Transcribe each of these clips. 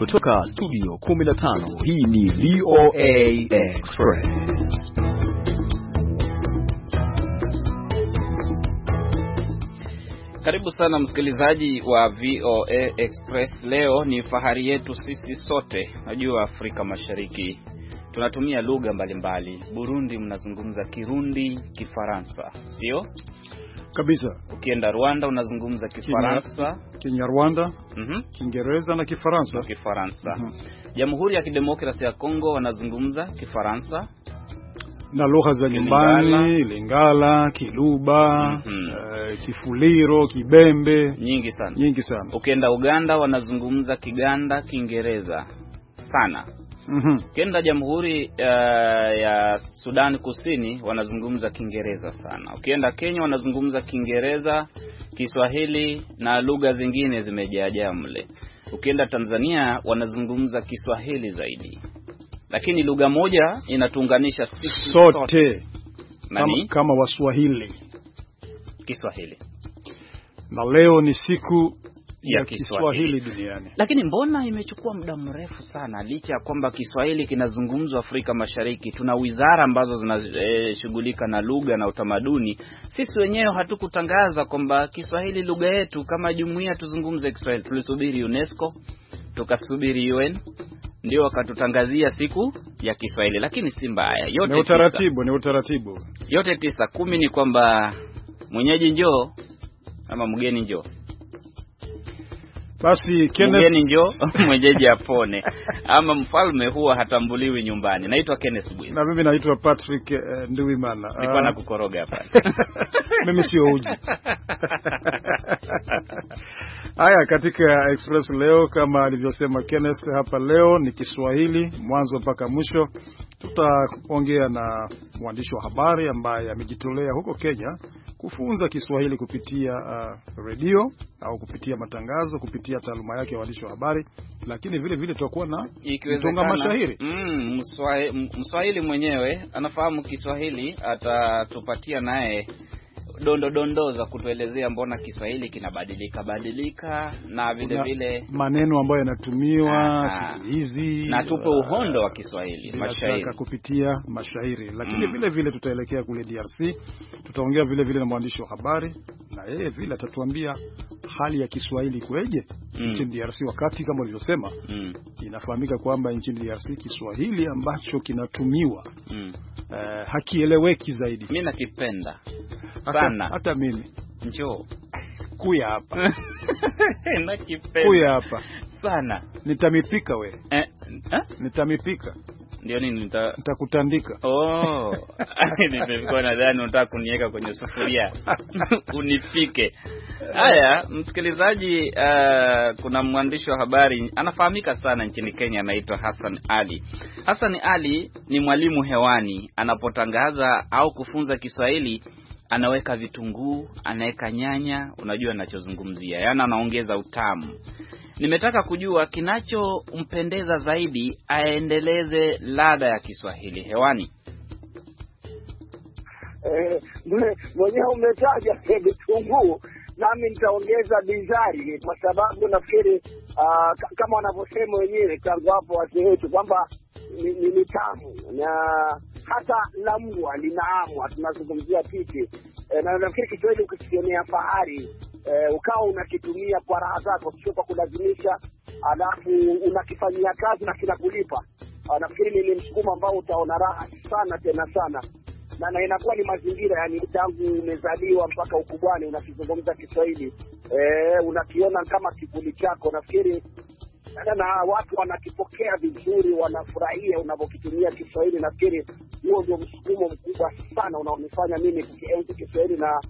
Kutoka studio 15 hii ni VOA Express. Karibu sana msikilizaji wa VOA Express. Leo ni fahari yetu sisi sote, najua Afrika Mashariki tunatumia lugha mbalimbali. Burundi mnazungumza Kirundi, Kifaransa, sio? kabisa. Ukienda Rwanda unazungumza Kifaransa, Kinyarwanda, mm Kiingereza na Kifaransa na Kifaransa. mm -hmm. Jamhuri ya Kidemokrasia ya Kongo wanazungumza Kifaransa na lugha za nyumbani Lingala, Kiluba, mm -hmm. uh, Kifuliro, Kibembe, nyingi sana, nyingi sana. Ukienda Uganda wanazungumza Kiganda, Kiingereza sana mm -hmm. Ukienda Jamhuri uh, ya Sudan Kusini wanazungumza Kiingereza sana. Ukienda Kenya wanazungumza Kiingereza, Kiswahili na lugha zingine zimejaajaa mle. Ukienda Tanzania wanazungumza Kiswahili zaidi, lakini lugha moja inatuunganisha sisi sote, sote. Nani? Kama Waswahili Kiswahili. Na leo ni siku ya Kiswahili duniani. Lakini mbona imechukua muda mrefu sana, licha ya kwamba Kiswahili kinazungumzwa Afrika Mashariki? Tuna wizara ambazo zinashughulika e, na lugha na utamaduni. Sisi wenyewe hatukutangaza kwamba Kiswahili lugha yetu, kama jumuiya tuzungumze Kiswahili. Tulisubiri UNESCO, tukasubiri UN ndio wakatutangazia siku ya Kiswahili, lakini si mbaya. Yote ni utaratibu, ni utaratibu. Yote tisa kumi ni kwamba mwenyeji njoo ama mgeni njoo. Basi Kenneth njo mwenyeji apone ama mfalme huwa hatambuliwi nyumbani. Naitwa Kenneth Bwire na mimi naitwa Patrick uh, Nduwimana. Nilikuwa ah. nakukoroga hapa mimi sio uji Haya, katika Express leo, kama alivyosema Kenneth hapa, leo ni Kiswahili mwanzo mpaka mwisho. Tutaongea na mwandishi wa habari ambaye amejitolea huko Kenya kufunza Kiswahili kupitia uh, redio au kupitia matangazo, kupitia taaluma yake ya waandishi wa habari, lakini vile vile tutakuwa na mtunga mashahiri mm, mswahili mwenyewe anafahamu Kiswahili, atatupatia naye dondo dondo za kutuelezea mbona Kiswahili kinabadilika badilika na vile vile maneno ambayo yanatumiwa hizi, na tupe uh, uhondo wa Kiswahili mashairi kupitia mashairi, lakini mm. vile vile tutaelekea kule DRC, tutaongea vile vile na mwandishi wa habari na yeye vile atatuambia hali ya Kiswahili kweje mm. nchini DRC, wakati kama ulivyosema mm. inafahamika kwamba nchini DRC Kiswahili ambacho kinatumiwa mm uh, hakieleweki zaidi. Mimi nakipenda sana, hata mimi njoo kuya hapa nakipenda kuya hapa sana, nitamipika we eh, eh? nitamipika ndio nini, nita nitakutandika. Oh, nimekuwa nadhani unataka kuniweka kwenye sufuria unipike. Haya, msikilizaji, uh, kuna mwandishi wa habari anafahamika sana nchini Kenya, anaitwa Hassan Ali. Hassan Ali ni mwalimu hewani, anapotangaza au kufunza Kiswahili anaweka vitunguu, anaweka nyanya, unajua anachozungumzia, yaani anaongeza utamu. Nimetaka kujua kinachompendeza zaidi aendeleze ladha ya Kiswahili hewani. Eh, mwenyewe umetaja vitunguu nami nitaongeza bizari, kwa sababu nafikiri uh, kama wanavyosema wenyewe tangu hapo wazee wetu kwamba ni, ni, ni tamu na hata la mbwa linaamwa. Tunazungumzia titi e, eh, na nafikiri Kiswahili ukisikionea fahari e, ukawa unakitumia kwa raha zako, sio kwa kulazimisha, alafu unakifanyia kazi na kinakulipa. Ah, nafikiri ni msukumo ambao utaona raha sana tena sana na, na inakuwa ni mazingira yani, tangu umezaliwa mpaka ukubwani unakizungumza Kiswahili e, unakiona kama kivuli chako. Nafikiri na watu wanakipokea vizuri, wanafurahia unavyokitumia Kiswahili. Nafikiri huo ndio msukumo mkubwa sana unaonifanya mimi kukienzi Kiswahili na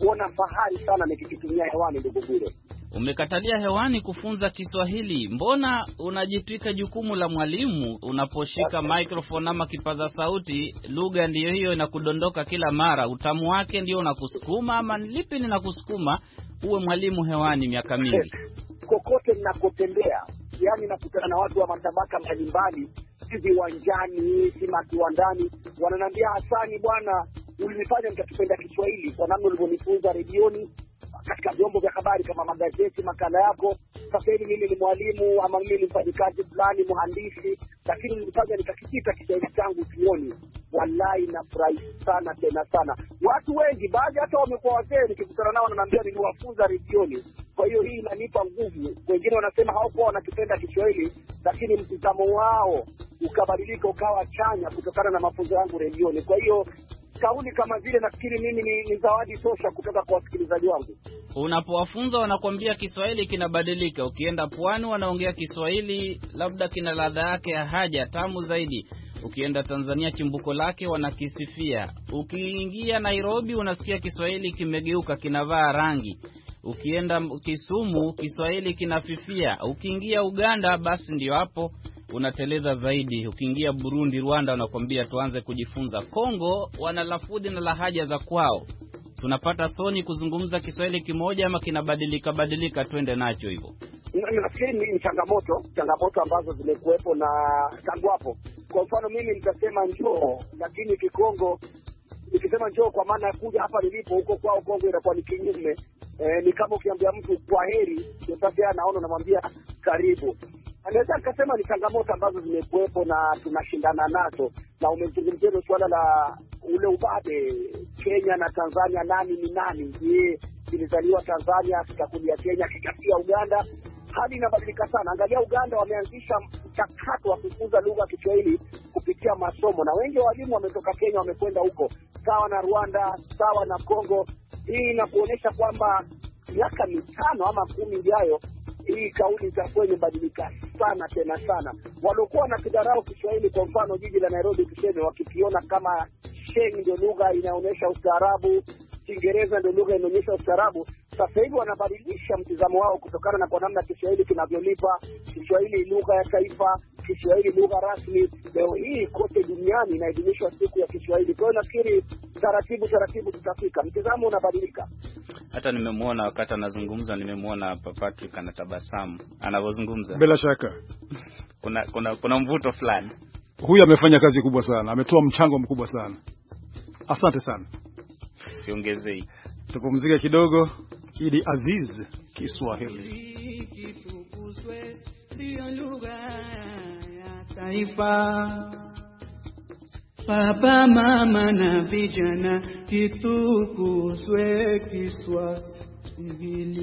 kuona fahari sana nikikitumia hewani. Ndugu Bwire, umekatalia hewani kufunza Kiswahili, mbona unajitwika jukumu la mwalimu unaposhika microphone ama kipaza sauti? Lugha ndiyo hiyo inakudondoka kila mara, utamu wake ndio unakusukuma ama lipi linakusukuma uwe mwalimu hewani miaka mingi? Kokote ninakotembea, yani nakutana na watu wa matabaka mbalimbali, si viwanjani, si makiwandani, wananiambia Hasani bwana ulinifanya nikakipenda Kiswahili kwa namna ulivyonifunza redioni, katika vyombo vya habari kama magazeti, makala yako. Sasa hivi mimi ni mwalimu ama mimi ni mfanyikazi fulani, mhandisi, lakini nilifanya nikakikita Kiswahili changu chuoni. Wallahi nafurahi sana tena sana. Watu wengi, baadhi hata wamekuwa wazee, nikikutana nao wananiambia niliwafunza redioni. Kwa hiyo hii inanipa nguvu. Wengine wanasema hawakuwa wanakipenda Kiswahili, lakini mtizamo wao ukabadilika ukawa chanya kutokana na mafunzo yangu redioni. Kwa hiyo kauli kama zile, nafikiri mimi ni, ni zawadi tosha kutoka kwa wasikilizaji wangu. Unapowafunza wanakuambia Kiswahili kinabadilika. Ukienda pwani wanaongea Kiswahili labda kina ladha yake ya haja tamu zaidi. Ukienda Tanzania chimbuko lake wanakisifia. Ukiingia Nairobi unasikia Kiswahili kimegeuka, kinavaa rangi. Ukienda Kisumu Kiswahili kinafifia. Ukiingia Uganda basi ndio hapo unateleza zaidi. Ukiingia Burundi, Rwanda wanakuambia tuanze kujifunza. Kongo wana lafudhi na lahaja za kwao. Tunapata soni kuzungumza Kiswahili kimoja ama kinabadilika badilika, twende nacho hivyo. Nafikiri ni changamoto, changamoto ambazo zimekuwepo na tangu hapo. Kwa mfano mimi nitasema njoo, lakini Kikongo nikisema njoo kwa maana ya kuja hapa nilipo, huko kwao Kongo inakuwa ni kinyume. E, ni kama ukiambia mtu kwa heri, basi anaona, unamwambia karibu. Anaweza akasema ni changamoto ambazo zimekuwepo na tunashindana nazo, na umezungumzia hilo suala la ule ubabe Kenya na Tanzania, nani ni nani? Je, kilizaliwa Tanzania kikakulia Kenya kikatia Uganda? Hali inabadilika sana. Angalia Uganda, wameanzisha mchakato wa kukuza lugha ya Kiswahili kupitia masomo, na wengi wa walimu wametoka Kenya wamekwenda huko, sawa na Rwanda, sawa na Kongo. Hii inakuonyesha kwamba miaka mitano ama kumi ijayo hii kauli itakuwa imebadilika sana tena sana. Waliokuwa kidharau Kiswahili, kwa mfano jiji la Nairobi, tuseme, wakikiona kama Sheng ndio lugha inaonyesha ustaarabu, Kiingereza ndio lugha inaonyesha ustaarabu, sasa hivi wanabadilisha mtizamo wao kutokana na kwa namna Kiswahili kinavyolipa. Kiswahili lugha ya taifa, Kiswahili lugha rasmi. Leo hii kote duniani inaadhimishwa siku ya Kiswahili. Kwa hiyo nafikiri taratibu taratibu tutafika, mtizamo unabadilika. Hata nimemwona wakati anazungumza, nimemwona hapa Patrick anatabasamu anavyozungumza. Bila shaka kuna kuna kuna mvuto fulani. Huyu amefanya kazi kubwa sana, ametoa mchango mkubwa sana. Asante sana, siongezei. Tupumzike kidogo. Idi Aziz Kiswahili. Baba, mama na vijana, kitukuzwe Kiswahili.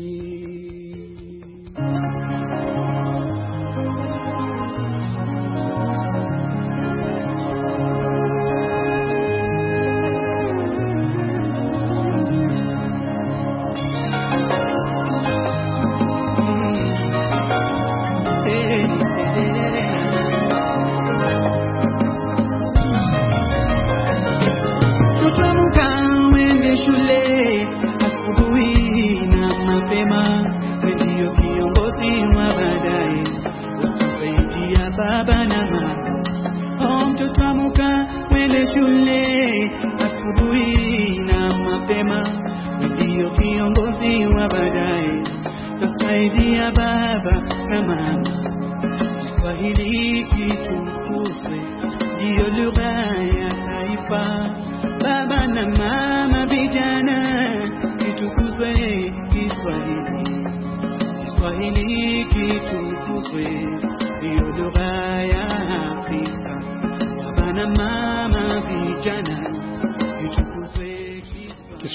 mapema, ndio kiongozi wa baadaye. Tusaidia baba na mama, Kiswahili kitukuzwe, ndiyo lugha ya taifa.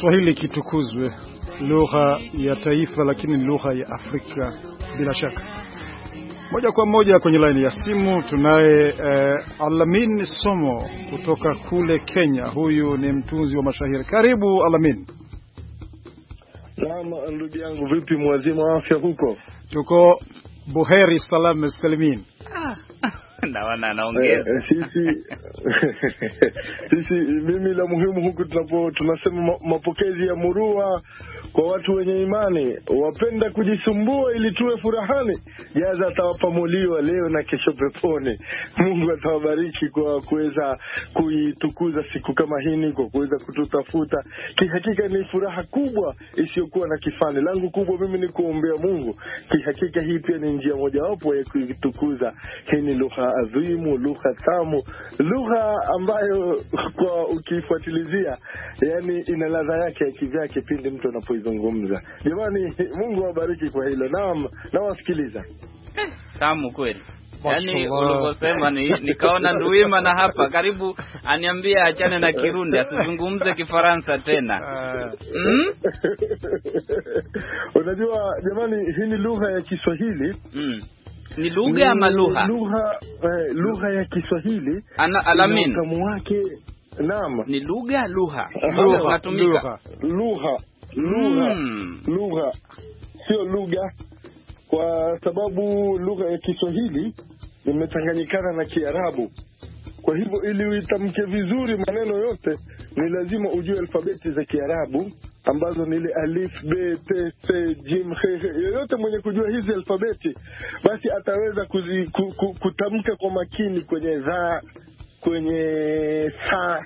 Kiswahili kitukuzwe, lugha ya taifa, lakini ni lugha ya Afrika bila shaka. Moja kwa moja kwenye laini ya simu tunaye eh, Alamin Somo kutoka kule Kenya. Huyu ni mtunzi wa mashahiri Karibu Alamin. Naam, ndugu yangu, vipi? Mwazima afya huko? Tuko buheri, salam salimin. Ah, naona anaongeza eh, eh, sisi sisi, mimi la muhimu huku tunapo tunasema mapokezi ya murua kwa watu wenye imani wapenda kujisumbua ili tuwe furahani, jaza atawapamuliwa leo na kesho peponi. Mungu atawabariki kwa kuweza kuitukuza siku kama hini, kwa kuweza kututafuta. Kihakika ni furaha kubwa isiyokuwa na kifani. Langu kubwa mimi ni kuombea Mungu. Kihakika hii pia ni njia mojawapo ya kuitukuza. Hii ni lugha adhimu, lugha tamu, lugha ambayo kwa ukifuatilizia, yani ina ladha yake ya kivyake pindi mtu anapo akizungumza. Jamani, Mungu awabariki kwa hilo. Naam, nawasikiliza tamu kweli. Yaani ulivyosema ni, nikaona Nduima na hapa karibu aniambie achane na Kirundi asizungumze Kifaransa tena. Mm? Unajua jamani, hii ni lugha ya Kiswahili mm. Ni lugha ama lugha lugha eh, lugha ya Kiswahili ana alamin wake Naam. Ni lugha lugha lugha lugha lugha mm. lugha sio lugha, kwa sababu lugha ya Kiswahili imechanganyikana na Kiarabu. Kwa hivyo ili uitamke vizuri maneno yote, ni lazima ujue alfabeti za Kiarabu ambazo ni ile alif, b, t, c, jim, he, he. Yoyote mwenye kujua hizi alfabeti basi ataweza kuzi, ku, ku, kutamka kwa makini kwenye dhaa, kwenye saa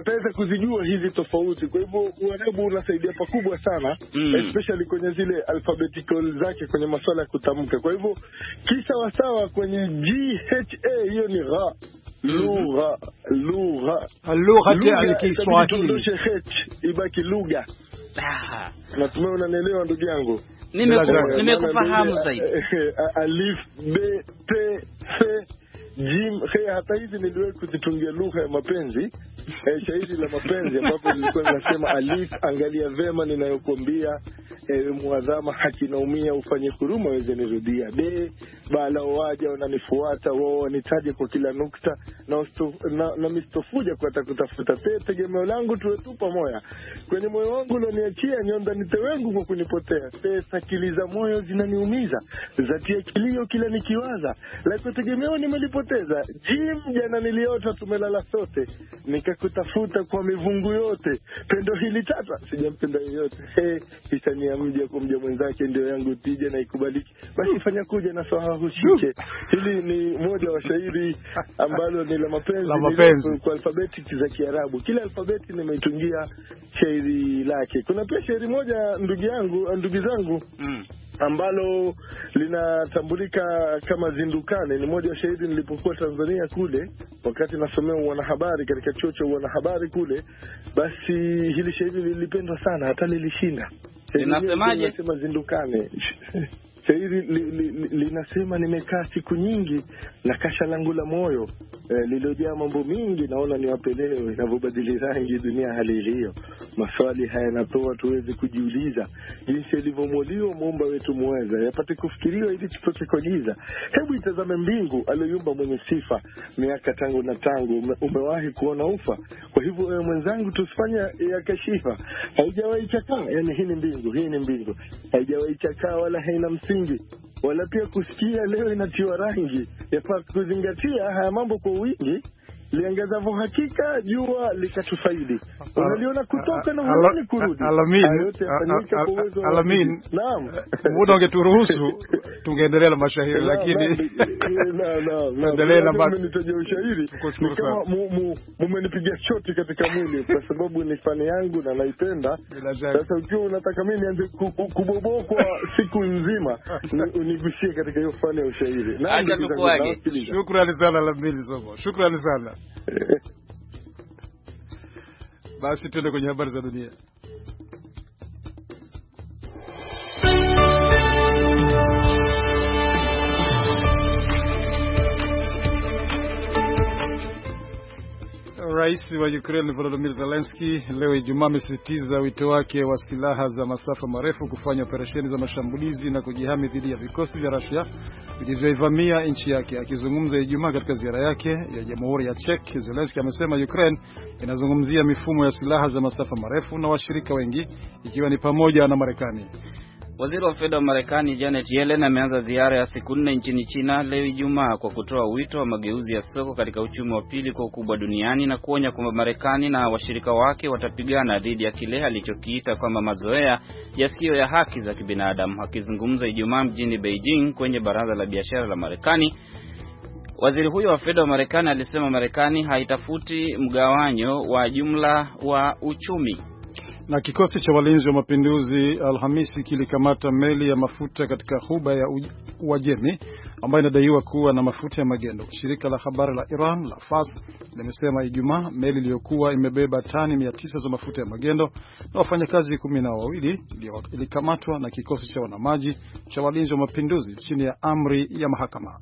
ataweza kuzijua hizi tofauti. Kwa hivyo uarabu unasaidia pakubwa sana mm, especially kwenye zile alphabetical zake kwenye masuala ya kutamka. Kwa hivyo kisawasawa kwenye GHA hiyo ni gha mm-hmm. lugha lugha ibaki lugha. Natumai unanielewa ndugu yangu. Nimekufahamu zaidi alif Jim, hey, hata hizi niliwahi kuzitungia lugha ya mapenzi eh, shairi la mapenzi ambapo nilikuwa ninasema Alif, angalia vema ninayokwambia, eh, mwadhama hakinaumia, ufanye huruma weze nirudia. De bala waja wananifuata wao wanitaje kwa kila nukta na, ustu, na, na mistofuja kwa takutafuta te tegemeo langu tuwetupa moya kwenye moyo wangu ulioniachia nyonda nitewengu kwa kunipotea te sakili za moyo zinaniumiza zatia kilio kila nikiwaza la kutegemeo nimelipo kupoteza jim, jana niliota tumelala sote, nikakutafuta kwa mivungu yote, pendo hili tata sijampenda yoyote. Hey, hisania mja kwa mja mwenzake ndio yangu tija na ikubaliki, basi fanya kuja na swaha hushike. Hili ni moja wa shairi ambalo ni la mapenzi kwa alfabeti za Kiarabu, kila alfabeti nimeitungia shairi lake. Kuna pia shairi moja ndugu yangu ndugu zangu mm ambalo linatambulika kama Zindukane. Ni moja ya shahidi nilipokuwa Tanzania kule, wakati nasomea uwanahabari katika chuo cha uwanahabari kule, basi hili shahidi lilipendwa sana, hata lilishinda. Linasemaje? Linasema Zindukane shairi linasema li, li, li, nimekaa siku nyingi na kasha langu la moyo eh, lililojaa mambo mingi, naona niwapelewe inavyobadili rangi dunia hali iliyo. Maswali haya yanatoa tuweze kujiuliza jinsi yalivyomuliwa muumba wetu mweza, yapate kufikiriwa ili tutoke kwa giza. Hebu itazame mbingu aliyoiumba mwenye sifa, miaka tangu na tangu ume, umewahi kuona ufa? Kwa hivyo wewe mwenzangu, tusifanya ya kashifa, haijawahi chakaa. Yani hii ni mbingu, hii ni mbingu, haijawahi chakaa wala haina msi msingi wala pia kusikia leo inatiwa rangi, yafaa kuzingatia haya mambo kwa wingi liangazavyo hakika jua likatufaidi. Unaliona kutoka na huoni kurudi. Alamin, naam, eh, muda ungeturuhusu tungeendelea na mashairi, lakini endelee na mimi Nitaje ushairi, Mmenipiga shoti katika mwili kwa sababu ni fani yangu na naipenda. Sasa ukiwa unataka mimi nianze kubobokwa siku nzima, unigushie katika hiyo fani ya ushairi. Shukrani sana Alamin Somo, shukrani sana. Basi tuende kwenye habari za dunia. Rais wa Ukraine Volodymyr Zelensky leo Ijumaa amesisitiza wito wake wa silaha za masafa marefu kufanya operesheni za mashambulizi na kujihami dhidi ya vikosi vya Russia vilivyoivamia nchi yake. Akizungumza Ijumaa katika ziara yake ya Jamhuri ya Czech, Zelensky amesema Ukraine inazungumzia mifumo ya silaha za masafa marefu na washirika wengi ikiwa ni pamoja na Marekani. Waziri wa fedha wa Marekani Janet Yellen ameanza ziara ya siku nne nchini China leo Ijumaa kwa kutoa wito wa mageuzi ya soko katika uchumi wa pili kwa ukubwa duniani na kuonya kwamba Marekani na washirika wake watapigana dhidi ya kile alichokiita kwamba mazoea yasiyo ya haki za kibinadamu. Akizungumza Ijumaa mjini Beijing kwenye baraza la biashara la Marekani, waziri huyo wa fedha wa Marekani alisema Marekani haitafuti mgawanyo wa jumla wa uchumi. Na kikosi cha walinzi wa mapinduzi Alhamisi kilikamata meli ya mafuta katika ghuba ya Uajemi ambayo inadaiwa kuwa na mafuta ya magendo. Shirika la habari la Iran la Fars limesema Ijumaa meli iliyokuwa imebeba tani mia tisa za mafuta ya magendo na wafanyakazi kumi na wawili ilikamatwa na kikosi cha wanamaji cha walinzi wa mapinduzi chini ya amri ya mahakama.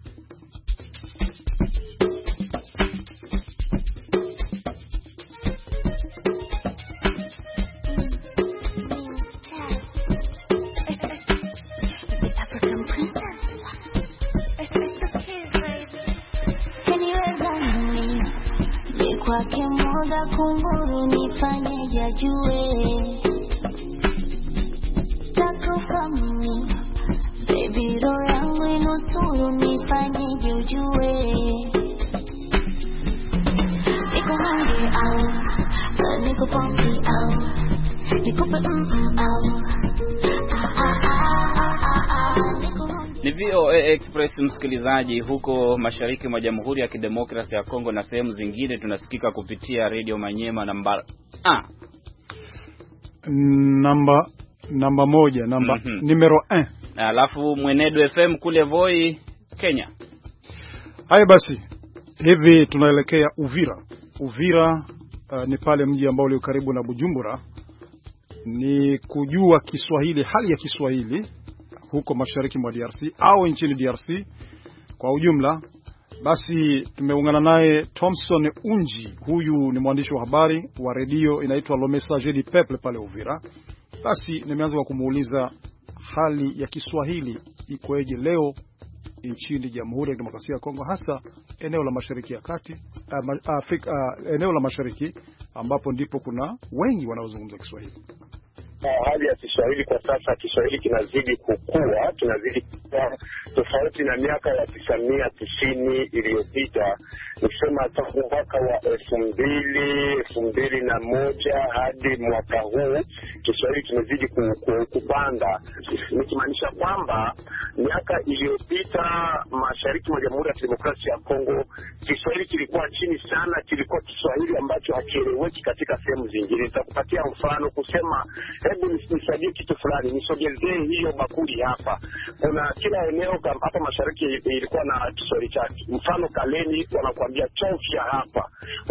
msikilizaji, huko mashariki mwa Jamhuri ya Kidemokrasia ya Kongo na sehemu zingine tunasikika kupitia redio Manyema namba ah, namba namba moja namba mm -hmm. numero alafu Mwenedu FM kule Voi, Kenya. Haya basi, hivi tunaelekea Uvira. Uvira uh, ni pale mji ambao ulio karibu na Bujumbura, ni kujua Kiswahili, hali ya Kiswahili huko mashariki mwa DRC au nchini DRC kwa ujumla. Basi tumeungana naye Thompson Unji, huyu ni mwandishi wa habari wa redio inaitwa Le Messager du Peuple pale Uvira. Basi nimeanza kwa kumuuliza hali ya Kiswahili ikoje leo nchini Jamhuri ya Kidemokrasia ya Kongo, hasa eneo la mashariki ya kati, eh, Afrika, eh, eneo la mashariki ambapo ndipo kuna wengi wanaozungumza Kiswahili hali ya Kiswahili kwa sasa, Kiswahili kinazidi kukua, kinazidi kukua tofauti na miaka ya tisa mia tisini iliyopita kusema tangu mwaka wa elfu mbili elfu mbili na moja hadi mwaka huu Kiswahili kimezidi kupanda, nikimaanisha kwamba miaka iliyopita mashariki mwa Jamhuri ya Kidemokrasia ya Kongo Kiswahili kilikuwa chini sana, kilikuwa Kiswahili ambacho hakieleweki katika sehemu zingine. Nitakupatia mfano kusema, hebu nisaidie kitu fulani, nisogezee hiyo bakuli hapa. Kuna kila eneo hapa mashariki ilikuwa na Kiswahili chake, mfano Kaleni wanakuambia vya chofya hapa.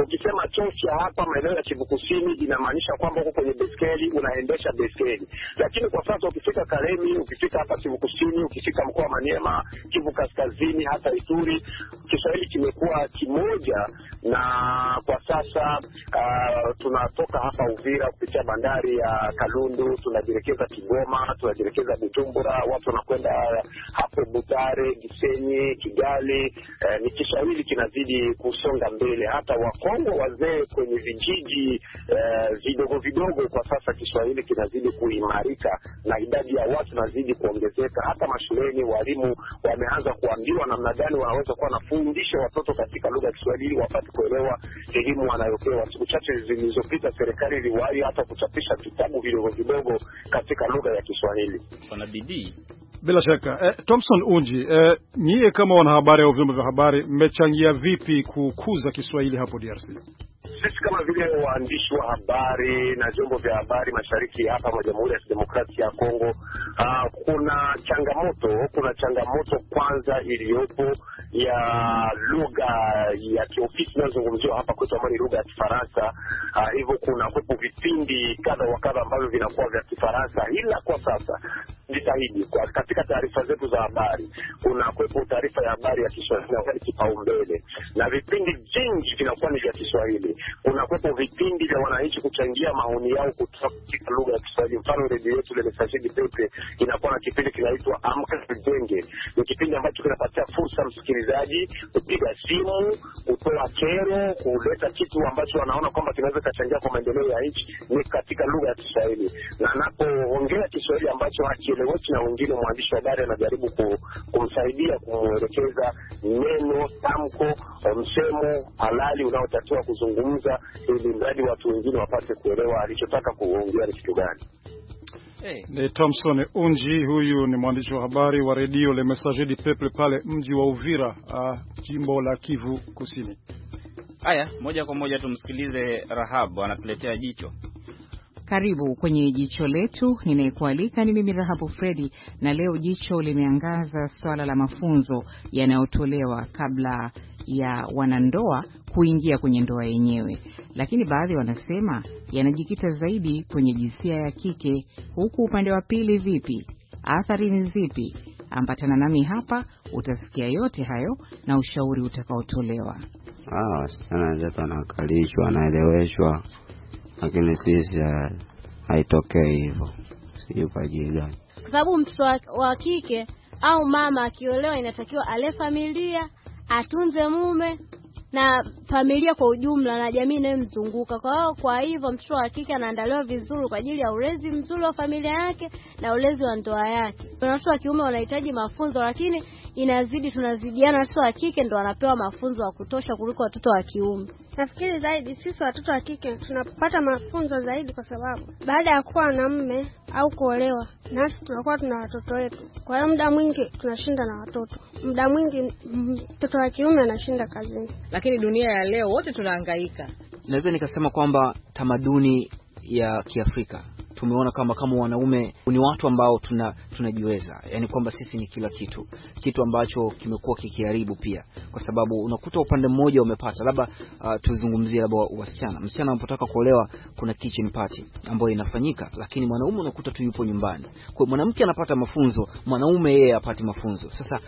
Ukisema chofya hapa maeneo ya Kivu Kusini, inamaanisha kwamba uko kwenye beskeli, unaendesha beskeli. Lakini kwa sasa ukifika Kalemi, ukifika hapa Kivu Kusini, ukifika mkoa wa Maniema, Kivu Kaskazini, hata Ituri, Kiswahili kimekuwa kimoja. Na kwa sasa uh, tunatoka hapa Uvira kupitia bandari ya Kalundu, tunajirekeza Kigoma, tunajirekeza Bujumbura, watu wanakwenda hapo Butare, Gisenyi, Kigali. Uh, ni Kiswahili kinazidi kusonga mbele. Hata Wakongo wazee kwenye vijiji uh, vidogo vidogo, kwa sasa Kiswahili kinazidi kuimarika na idadi ya watu inazidi kuongezeka. Hata mashuleni walimu wameanza kuambiwa namna gani wanaweza kuwa wanafundisha watoto katika lugha ya Kiswahili ili wapate kuelewa elimu wanayopewa. Siku chache zilizopita, serikali iliwahi hata kuchapisha vitabu vidogo vidogo katika lugha ya Kiswahili. Wana bidii bila shaka. Eh, Thompson Unji, eh, nyie kama wanahabari au vyombo vya habari mmechangia vipi vipi kukuza Kiswahili hapo DRC? Sisi kama vile waandishi wa habari na vyombo vya habari mashariki hapa mwa Jamhuri ya Kidemokrasia ya Kongo, uh, kuna changamoto, kuna changamoto kwanza iliyopo ya lugha ya kiofisi inayozungumziwa hapa kwetu ambayo ni lugha ya Kifaransa. Uh, kuna hupo vipindi kadha wa kadha ambavyo vinakuwa vya Kifaransa, ila kwa sasa jitahidi katika taarifa zetu za habari kuna kuwepo taarifa ya habari ya Kiswahili kipaumbele, na vipindi vingi vinakuwa ni vya Kiswahili kunakuwepo vipindi vya wananchi kuchangia maoni yao kutoka katika lugha ya Kiswahili. Mfano, redio yetu Le Lelesashidi Pepe inakuwa na kipindi kinaitwa Amka Tujenge. Ni kipindi ambacho kinapatia fursa msikilizaji kupiga simu, kutoa kero, kuleta kitu ambacho wanaona kwamba kinaweza kachangia kwa maendeleo ya nchi, ni katika lugha ya Kiswahili, na anapoongea Kiswahili ambacho hakieleweki na wengine, mwandishi wa habari anajaribu kumsaidia kumwelekeza neno, tamko, msemo halali unaotakiwa kuzungumza kuzungumza, ili mradi watu wengine wapate kuelewa alichotaka kuongea ni kitu gani. Hey. Ni Thompson Unji, huyu ni mwandishi wa habari wa redio Le Messager du Peuple pale mji wa Uvira, uh, jimbo la Kivu Kusini. Haya, moja kwa moja tumsikilize Rahab anatuletea jicho. Karibu kwenye jicho letu. Ninayekualika ni mimi Rahabu Fredi, na leo jicho limeangaza swala la mafunzo yanayotolewa kabla ya wanandoa kuingia kwenye ndoa yenyewe, lakini baadhi wanasema yanajikita zaidi kwenye jinsia ya kike. Huku upande wa pili vipi? Athari ni zipi? Ambatana nami hapa utasikia yote hayo na ushauri utakaotolewa. Ah, wasichana zetu wanakalishwa, wanaeleweshwa, lakini sisi ah, haitokee hivyo, sijui kwa ajili gani, kwa sababu mtoto wa kike au mama akiolewa inatakiwa ale familia, atunze mume na familia kwa ujumla na jamii inayomzunguka. Kwa hiyo, kwa hivyo mtoto wa kike anaandaliwa vizuri kwa ajili ya ulezi mzuri wa familia yake na ulezi wa ndoa yake. Watoto wa kiume wanahitaji mafunzo, lakini inazidi tunazidiana, watoto wa kike ndo wanapewa mafunzo ya kutosha kuliko watoto wa kiume. Nafikiri zaidi sisi watoto wa kike tunapata mafunzo zaidi, kwa sababu baada ya kuwa na mme au kuolewa, nasi tunakuwa tuna watoto wetu. Kwa hiyo muda mwingi tunashinda na watoto, muda mwingi mtoto wa kiume anashinda kazini. Lakini dunia ya leo wote tunahangaika. Naweza nikasema kwamba tamaduni ya Kiafrika tumeona kama kama wanaume ni watu ambao tuna tunajiweza, yani kwamba sisi ni kila kitu, kitu ambacho kimekuwa kikiharibu pia, kwa sababu unakuta upande mmoja umepata labda, uh, tuzungumzie labda wasichana, msichana anapotaka kuolewa kuna kitchen party ambayo inafanyika, lakini mwanaume unakuta tu yupo nyumbani. Kwa mwanamke anapata mafunzo, mwanaume yeye hapati mafunzo. Sasa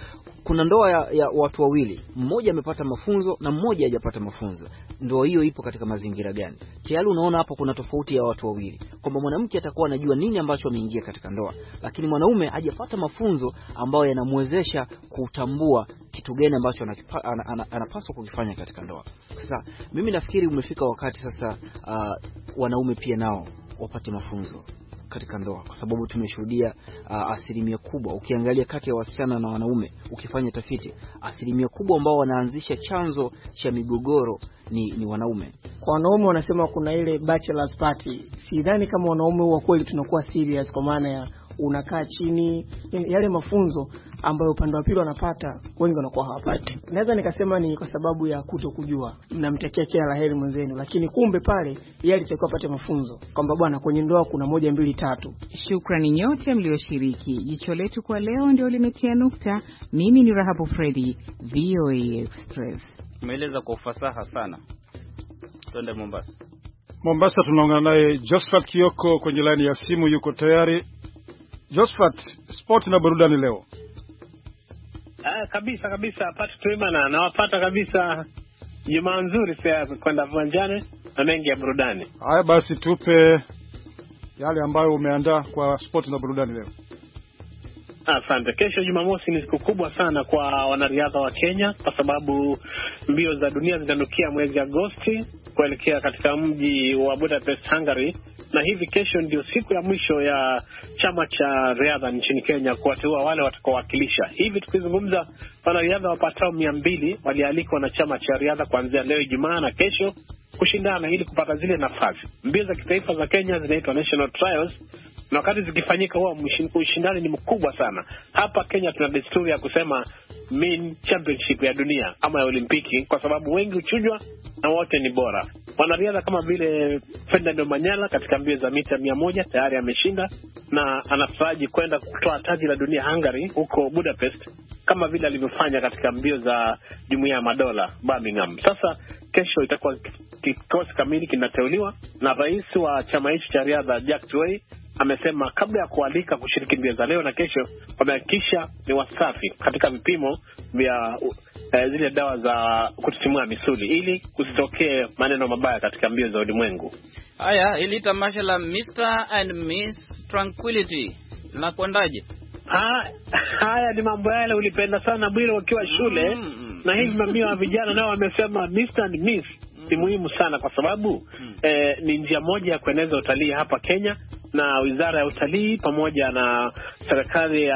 kuna ndoa ya, ya watu wawili, mmoja amepata mafunzo na mmoja hajapata mafunzo. Ndoa hiyo ipo katika mazingira gani? Tayari unaona hapo kuna tofauti ya watu wawili, kwamba mwanamke atakuwa anajua nini ambacho ameingia katika ndoa, lakini mwanaume mwanaume hajapata mafunzo ambayo yanamwezesha kutambua kitu gani ambacho anapaswa kukifanya katika ndoa. Sasa mimi nafikiri umefika wakati sasa, uh, wanaume pia nao wapate mafunzo katika ndoa kwa sababu tumeshuhudia uh, asilimia kubwa, ukiangalia kati ya wasichana na wanaume, ukifanya tafiti, asilimia kubwa ambao wanaanzisha chanzo cha migogoro ni, ni wanaume. Kwa wanaume wanasema kuna ile bachelor's party. Sidhani kama wanaume wa kweli tunakuwa serious kwa maana ya unakaa chini, yale mafunzo ambayo upande wa pili wanapata wengi wanakuwa hawapati. Naweza nikasema ni kwa sababu ya kuto kujua, mnamtakia kila la heri mwenzenu, lakini kumbe pale yeye alitakiwa apate mafunzo kwamba bwana, kwenye ndoa kuna moja mbili tatu. Shukrani nyote mlioshiriki. Jicho letu kwa leo ndio limetia nukta. Mimi ni Rahabu Fredi, VOA Express. Umeeleza kwa ufasaha sana. Twende Mombasa. Mombasa tunaongana naye Josephat Kioko kwenye laini ya simu, yuko tayari josfat sport na burudani leo. Ah, kabisa kabisa, Pati Twimana nawapata kabisa. Jumaa nzuri sasa kwenda viwanjani na mengi ya burudani. Haya basi, tupe yale ambayo umeandaa kwa sport na burudani leo. Asante. Kesho Jumamosi ni siku kubwa sana kwa wanariadha wa Kenya kwa sababu mbio za dunia zinanukia mwezi Agosti kuelekea katika mji wa Budapest, Hungary na hivi kesho ndio siku ya mwisho ya chama cha riadha nchini Kenya kuwateua wale watakaowakilisha. Hivi tukizungumza, wanariadha wapatao mia mbili walialikwa na chama cha riadha kuanzia leo Ijumaa na kesho kushindana ili kupata zile nafasi. Mbio za kitaifa za Kenya zinaitwa national trials na wakati zikifanyika huwa ushindani ni mkubwa sana. Hapa Kenya tuna desturi ya kusema main championship ya dunia ama ya Olimpiki, kwa sababu wengi huchujwa na wote ni bora. Wanariadha kama vile Ferdinand Manyala katika mbio za mita mia moja tayari ameshinda na anataraji kwenda kutoa taji la dunia Hungary, huko Budapest, kama vile alivyofanya katika mbio za jumuiya ya madola Birmingham. Sasa kesho itakuwa kikosi kamili kinateuliwa na rais wa chama hicho cha riadha Jack Tway amesema kabla ya kualika kushiriki mbio za leo na kesho, wamehakikisha ni wasafi katika vipimo vya uh, zile dawa za kutitimua misuli ili kusitokee maneno mabaya katika mbio za ulimwengu. Haya, ili tamasha la Mr and Miss Tranquility linakwendaje? Ha, haya ni mambo yale ulipenda sana Bwire ukiwa shule mm -hmm. na hivi mamia wa vijana nao wamesema Mr and Miss ni mm-hmm. muhimu sana kwa sababu mm eh, ni njia moja ya kueneza utalii hapa Kenya na wizara ya utalii pamoja na serikali ya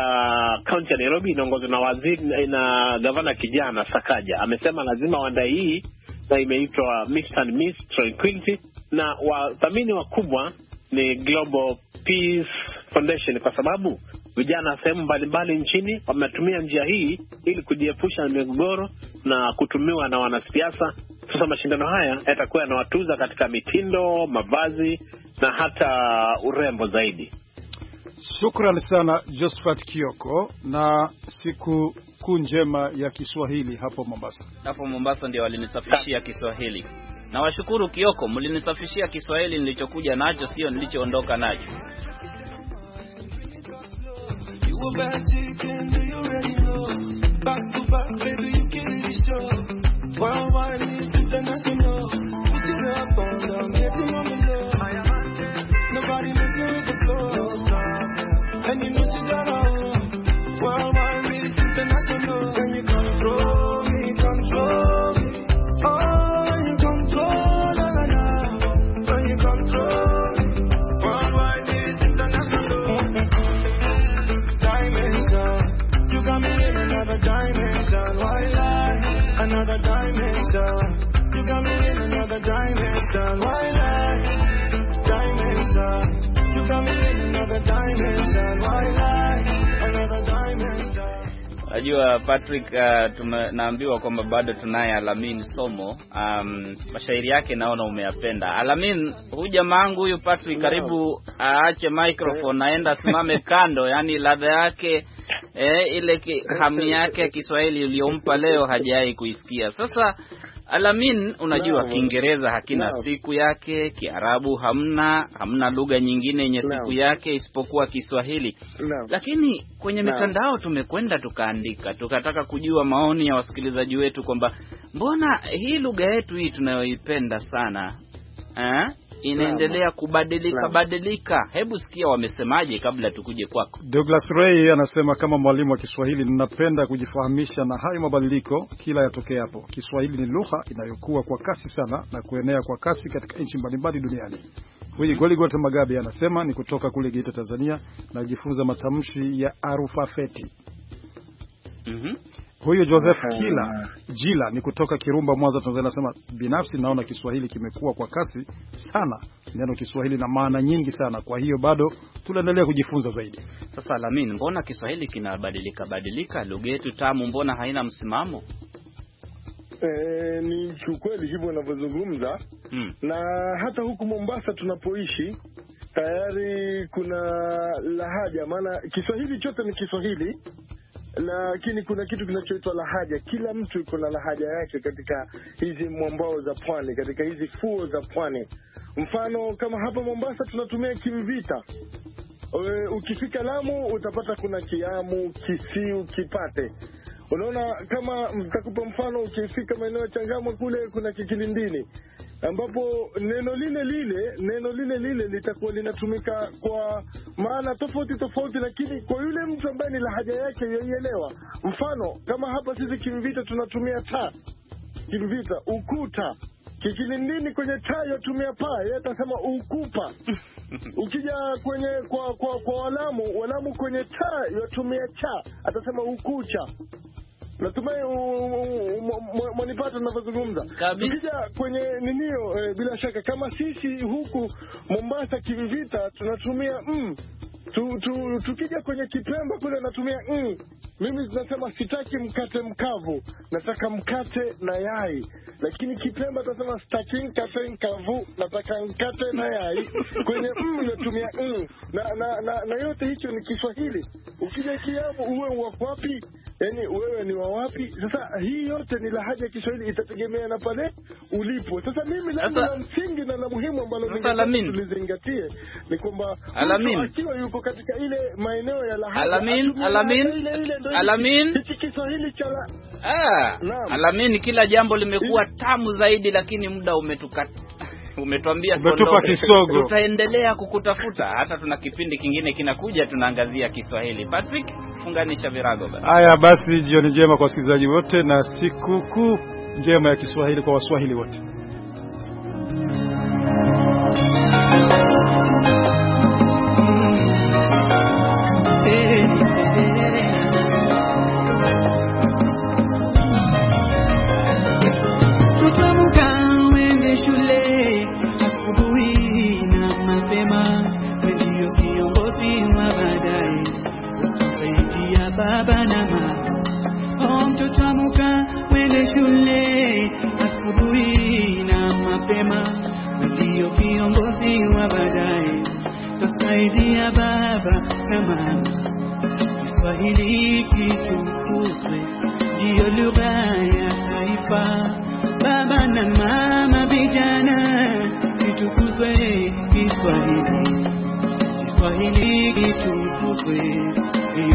kaunti ya Nairobi inaongozwa na waziri na gavana kijana Sakaja amesema lazima waandae hii na imeitwa Mist and Mist Tranquility, na wadhamini wakubwa ni Global Peace Foundation kwa sababu vijana sehemu mbalimbali nchini wametumia njia hii ili kujiepusha na migogoro na kutumiwa na wanasiasa sasa mashindano haya yatakuwa yanawatuza katika mitindo, mavazi na hata urembo zaidi. Shukran sana Josephat Kioko, na siku kuu njema ya Kiswahili hapo Mombasa. Hapo Mombasa ndio walinisafishia Kiswahili. Nawashukuru Kioko, mlinisafishia Kiswahili nilichokuja nacho, sio nilichoondoka nacho. Put Petit club, on donne, on the Najua Patrick, uh, naambiwa kwamba bado tunaye Alamin Somo. Um, mashairi yake naona umeyapenda Alamin. Huyu jamaa wangu huyu Patrick, karibu aache uh, microphone aenda asimame kando, yaani ladha yake eh, ile hamu yake ya Kiswahili uliyompa leo hajawai kuisikia. Sasa Alamin, unajua Kiingereza hakina Nao. siku yake, Kiarabu hamna, hamna lugha nyingine yenye siku yake isipokuwa Kiswahili Nao. Lakini kwenye Nao. mitandao tumekwenda tukaandika, tukataka kujua maoni ya wasikilizaji wetu kwamba mbona hii lugha yetu hii tunayoipenda sana eh? inaendelea kubadilika badilika. Hebu sikia wamesemaje kabla tukuje kwako. Douglas Ray anasema kama mwalimu wa Kiswahili, ninapenda kujifahamisha na hayo mabadiliko kila yatokea hapo. Kiswahili ni lugha inayokuwa kwa kasi sana na kuenea kwa kasi katika nchi mbalimbali duniani. Huyu Goligota Magabe anasema ni kutoka kule Geita, Tanzania, najifunza matamshi ya arufafeti. mm -hmm. Huyu Joseph Kila Jila ni kutoka Kirumba, Mwanza, Tanzania, anasema binafsi naona Kiswahili kimekuwa kwa kasi sana. Neno Kiswahili na maana nyingi sana, kwa hiyo bado tunaendelea kujifunza zaidi. Sasa Lamin, mbona Kiswahili kinabadilika badilika? Lugha yetu tamu, mbona haina msimamo? E, ni kiukweli hivyo unavyozungumza hmm. Na hata huku Mombasa tunapoishi tayari kuna lahaja, maana Kiswahili chote ni Kiswahili lakini kuna kitu kinachoitwa lahaja. Kila mtu iko na lahaja yake katika hizi mwambao za pwani, katika hizi fuo za pwani. Mfano kama hapa Mombasa tunatumia Kimvita. E, ukifika Lamu utapata kuna Kiamu, Kisiu, Kipate. Unaona, kama mtakupa mfano, ukifika maeneo ya Changamwe kule kuna Kikilindini ambapo neno lile lile neno lile lile litakuwa linatumika kwa maana tofauti tofauti, lakini kwa yule mtu ambaye ni lahaja yake yaielewa. Mfano kama hapa sisi Kimvita tunatumia ta Kimvita ukuta kikilindini kwenye taa yatumia paa, yeye atasema ukupa. Ukija kwenye kwa kwa, kwa walamu walamu kwenye taa yatumia cha, atasema ukucha. Natumai mwanipata ninavyozungumza. Tukija kwenye ninio e, eh, bila shaka kama sisi huku Mombasa kivivita tunatumia mm. Tukija tu, tukija kwenye Kipemba kule natumia mm. Mimi tunasema sitaki mkate mkavu, nataka mkate na yai, lakini Kipemba tunasema sitaki mkate mkavu, nataka mkate na yai. Kwenye mm natumia mm na, na, na, na yote hicho ni Kiswahili. Ukija Kiamu uwe wakwapi, yani wewe ni wawapi? Sasa hii yote ni lahaja ya Kiswahili, itategemea na pale ulipo. Sasa mimi labda la msingi na la muhimu ambalo tulizingatie ni kwamba akiwa yuko katika ile maeneo ya lahaja alamin, alamin. Alamin Kiswahili cha ah, Alamin, kila jambo limekuwa tamu zaidi, lakini muda umetukata umetuambia tutaendelea kukutafuta hata tuna kipindi kingine kinakuja, tunaangazia Kiswahili. Patrick, funganisha virago basi. Haya basi, jioni njema kwa wasikilizaji wote na sikukuu njema ya Kiswahili kwa Waswahili wote. sema Kiswahili kitukuzwe, ndiyo lugha ya taifa. Baba na mama, vijana, kitukuzwe Kiswahili, Kiswahili kitukuzwe.